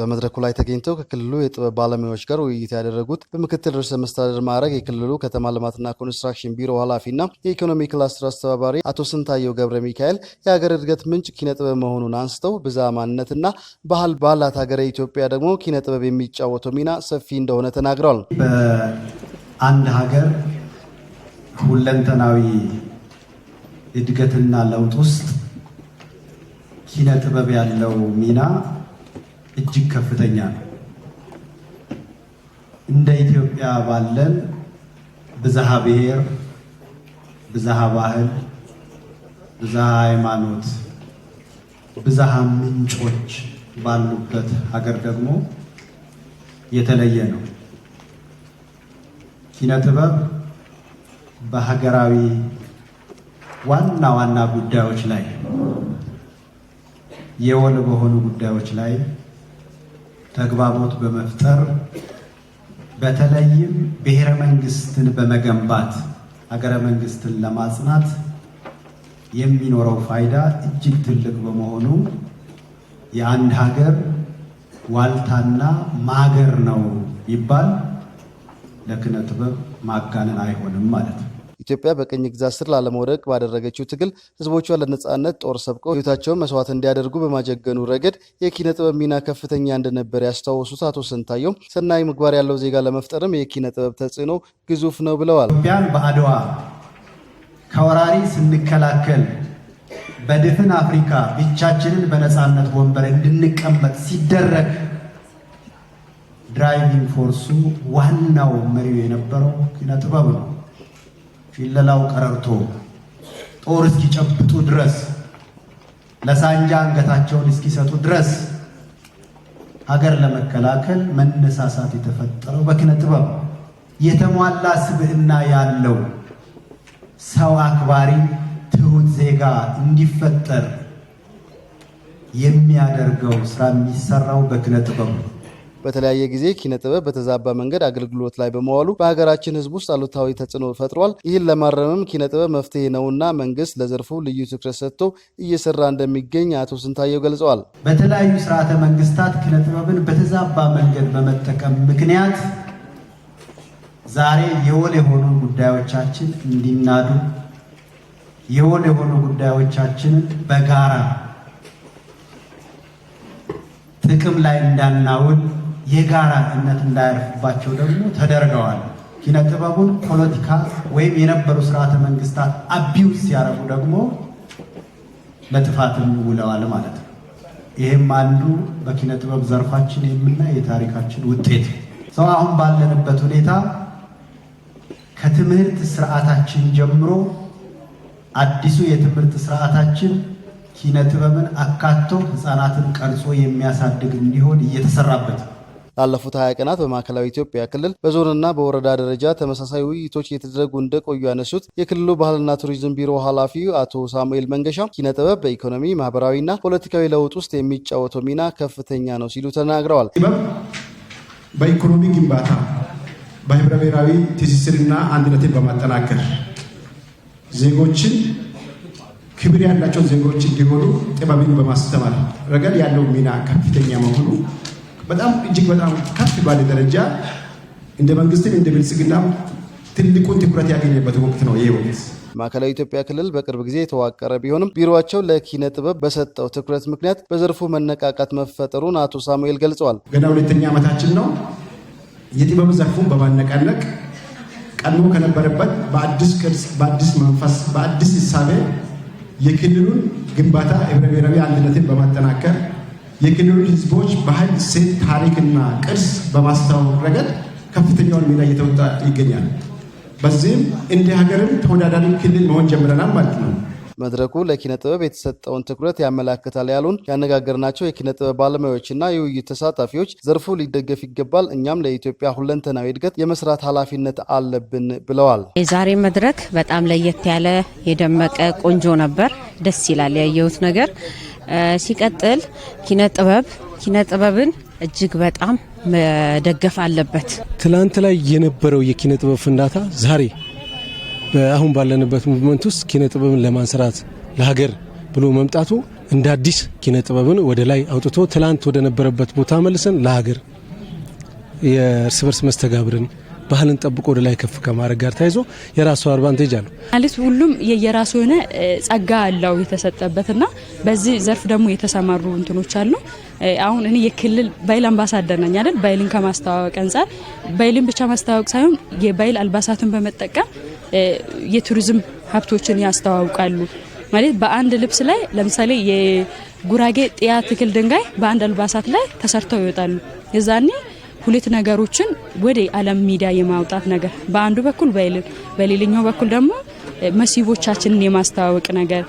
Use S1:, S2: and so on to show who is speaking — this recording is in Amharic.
S1: በመድረኩ ላይ ተገኝተው ከክልሉ የጥበብ ባለሙያዎች ጋር ውይይት ያደረጉት በምክትል ርዕሰ መስተዳደር ማዕረግ የክልሉ ከተማ ልማትና ኮንስትራክሽን ቢሮ ኃላፊና የኢኮኖሚ ክላስተር አስተባባሪ አቶ ስንታየው ገብረ ሚካኤል የሀገር እድገት ምንጭ ኪነ ጥበብ መሆኑን አንስተው ብዝሃ ማንነትና ባህል ባላት ሀገረ ኢትዮጵያ ደግሞ ኪነ ጥበብ የሚጫወተው ሚና ሰፊ እንደሆነ ተናግረዋል።
S2: በአንድ ሀገር ሁለንተናዊ እድገትና ለውጥ ውስጥ ኪነ ጥበብ ያለው ሚና እጅግ ከፍተኛ ነው። እንደ ኢትዮጵያ ባለን ብዝሃ ብሔር፣ ብዝሃ ባህል፣ ብዝሃ ሃይማኖት፣ ብዝሃ ምንጮች ባሉበት ሀገር ደግሞ የተለየ ነው። ኪነ ጥበብ በሀገራዊ ዋና ዋና ጉዳዮች ላይ የወል በሆኑ ጉዳዮች ላይ ተግባቦት በመፍጠር በተለይም ብሔረ መንግስትን በመገንባት ሀገረ መንግስትን ለማጽናት የሚኖረው ፋይዳ እጅግ ትልቅ በመሆኑ የአንድ ሀገር ዋልታና ማገር ነው ይባል ለክነ ጥበብ ማጋነን አይሆንም ማለት ነው።
S1: ኢትዮጵያ በቅኝ ግዛት ስር ላለመውደቅ ባደረገችው ትግል ህዝቦቿ ለነጻነት ጦር ሰብቀው ህይወታቸውን መስዋዕት እንዲያደርጉ በማጀገኑ ረገድ የኪነ ጥበብ ሚና ከፍተኛ እንደነበር ያስታወሱት አቶ ስንታየውም ሰናይ ምግባር ያለው ዜጋ ለመፍጠርም የኪነ ጥበብ ተጽዕኖ ግዙፍ ነው ብለዋል።
S2: ኢትዮጵያን በአድዋ ከወራሪ ስንከላከል በድፍን አፍሪካ ብቻችንን በነፃነት ወንበር እንድንቀመጥ ሲደረግ ድራይቪንግ ፎርሱ ዋናው መሪው የነበረው ኪነ ጥበብ ነው። ፊለላው ቀረርቶ ጦር እስኪጨብጡ ድረስ ለሳንጃ አንገታቸውን እስኪሰጡ ድረስ ሀገር ለመከላከል መነሳሳት የተፈጠረው በኪነ ጥበብ የተሟላ ስብዕና ያለው ሰው አክባሪ ትሁት ዜጋ እንዲፈጠር የሚያደርገው ስራ የሚሰራው በኪነ ጥበብ ነው።
S1: በተለያየ ጊዜ ኪነ ጥበብ በተዛባ መንገድ አገልግሎት ላይ በመዋሉ በሀገራችን ህዝብ ውስጥ አሉታዊ ተጽዕኖ ፈጥሯል። ይህን ለማረምም ኪነ ጥበብ መፍትሄ ነውና መንግስት ለዘርፉ ልዩ ትኩረት ሰጥቶ እየሰራ እንደሚገኝ አቶ ስንታየው ገልጸዋል።
S2: በተለያዩ ስርዓተ መንግስታት ኪነ ጥበብን በተዛባ መንገድ በመጠቀም ምክንያት ዛሬ የወል የሆኑ ጉዳዮቻችን እንዲናዱ የወል የሆኑ ጉዳዮቻችንን በጋራ ጥቅም ላይ እንዳናውል የጋራ እምነት እንዳያርፍባቸው ደግሞ ተደርገዋል። ጥበቡን ፖለቲካ ወይም የነበሩ ስርዓተ መንግስታት አቢውስ ሲያረጉ ደግሞ ለጥፋትም ውለዋል ማለት ነው። ይህም አንዱ በኪነጥበብ ዘርፋችን የምናይ የታሪካችን ውጤት ሰው አሁን ባለንበት ሁኔታ ከትምህርት ስርዓታችን ጀምሮ አዲሱ የትምህርት ስርዓታችን ኪነ ጥበብን አካቶ ህፃናትን ቀርጾ የሚያሳድግ እንዲሆን እየተሰራበት
S1: ላለፉት 20 ቀናት በማዕከላዊ ኢትዮጵያ ክልል በዞንና በወረዳ ደረጃ ተመሳሳይ ውይይቶች እየተደረጉ እንደቆዩ ያነሱት የክልሉ ባህልና ቱሪዝም ቢሮ ኃላፊ አቶ ሳሙኤል መንገሻ ኪነ ጥበብ በኢኮኖሚ ማህበራዊና ፖለቲካዊ ለውጥ ውስጥ የሚጫወተው ሚና ከፍተኛ ነው ሲሉ ተናግረዋል።
S2: በኢኮኖሚ ግንባታ፣ በህብረ ብሔራዊ ትስስርና አንድነትን በማጠናከር ዜጎችን ክብር ያላቸው ዜጎች እንዲሆኑ ጥበብን በማስተማር ረገድ ያለው ሚና ከፍተኛ መሆኑ በጣም እጅግ በጣም ከፍ ባለ ደረጃ እንደ መንግስትም እንደ ብልጽግናም ትልቁን ትኩረት ያገኘበት ወቅት ነው ይህ ወቅት።
S1: ማዕከላዊ ኢትዮጵያ ክልል በቅርብ ጊዜ የተዋቀረ ቢሆንም ቢሮቸው ለኪነ ጥበብ በሰጠው ትኩረት ምክንያት በዘርፉ መነቃቃት መፈጠሩን አቶ ሳሙኤል ገልጸዋል።
S2: ገና ሁለተኛ ዓመታችን ነው። የጥበብ ዘርፉን በማነቃነቅ ቀድሞ ከነበረበት በአዲስ ቅርጽ፣ በአዲስ መንፈስ፣ በአዲስ እሳቤ የክልሉን ግንባታ ህብረ ብሔራዊ አንድነትን በማጠናከር የክልሉን ህዝቦች ባህል፣ ሴት፣ ታሪክና ቅርስ በማስተዋወቅ ረገድ ከፍተኛውን ሚና እየተወጣ ይገኛል። በዚህም እንደ ሀገርም ተወዳዳሪ ክልል መሆን ጀምረናል ማለት ነው።
S1: መድረኩ ለኪነ ጥበብ የተሰጠውን ትኩረት ያመላክታል ያሉን ያነጋገርናቸው የኪነ ጥበብ ባለሙያዎችና የውይይት ተሳታፊዎች ዘርፉ ሊደገፍ ይገባል፣ እኛም ለኢትዮጵያ ሁለንተናዊ እድገት የመስራት ኃላፊነት አለብን ብለዋል።
S3: የዛሬ መድረክ በጣም ለየት ያለ የደመቀ ቆንጆ ነበር። ደስ ይላል ያየሁት ነገር ሲቀጥል ኪነ ጥበብ ኪነ ጥበብን እጅግ በጣም መደገፍ አለበት።
S4: ትላንት ላይ የነበረው የኪነ ጥበብ ፍንዳታ ዛሬ አሁን ባለንበት ሙቭመንት ውስጥ ኪነ ጥበብን ለማንሰራት ለሀገር ብሎ መምጣቱ እንደ አዲስ ኪነ ጥበብን ወደ ላይ አውጥቶ ትላንት ወደ ነበረበት ቦታ መልሰን ለሀገር የእርስ በርስ መስተጋብርን ባህልን ጠብቆ ወደ ላይ ከፍ ከማድረግ ጋር ተያይዞ የራሱ አድቫንቴጅ አለው
S5: ማለት ሁሉም የየራሱ የሆነ ጸጋ አለው የተሰጠበትና በዚህ ዘርፍ ደግሞ የተሰማሩ እንትኖች አሉ። አሁን እኔ የክልል ባይል አምባሳደር ነኝ አይደል? ባይልን ከማስተዋወቅ አንጻር ባይልን ብቻ ማስተዋወቅ ሳይሆን የባይል አልባሳትን በመጠቀም የቱሪዝም ሀብቶችን ያስተዋውቃሉ። ማለት በአንድ ልብስ ላይ ለምሳሌ የጉራጌ ጥያ ትክል ድንጋይ በአንድ አልባሳት ላይ ተሰርተው ይወጣሉ የዛኔ ሁለት ነገሮችን ወደ ዓለም ሚዲያ የማውጣት ነገር በአንዱ በኩል በሌላኛው በኩል ደግሞ መስህቦቻችንን የማስተዋወቅ ነገር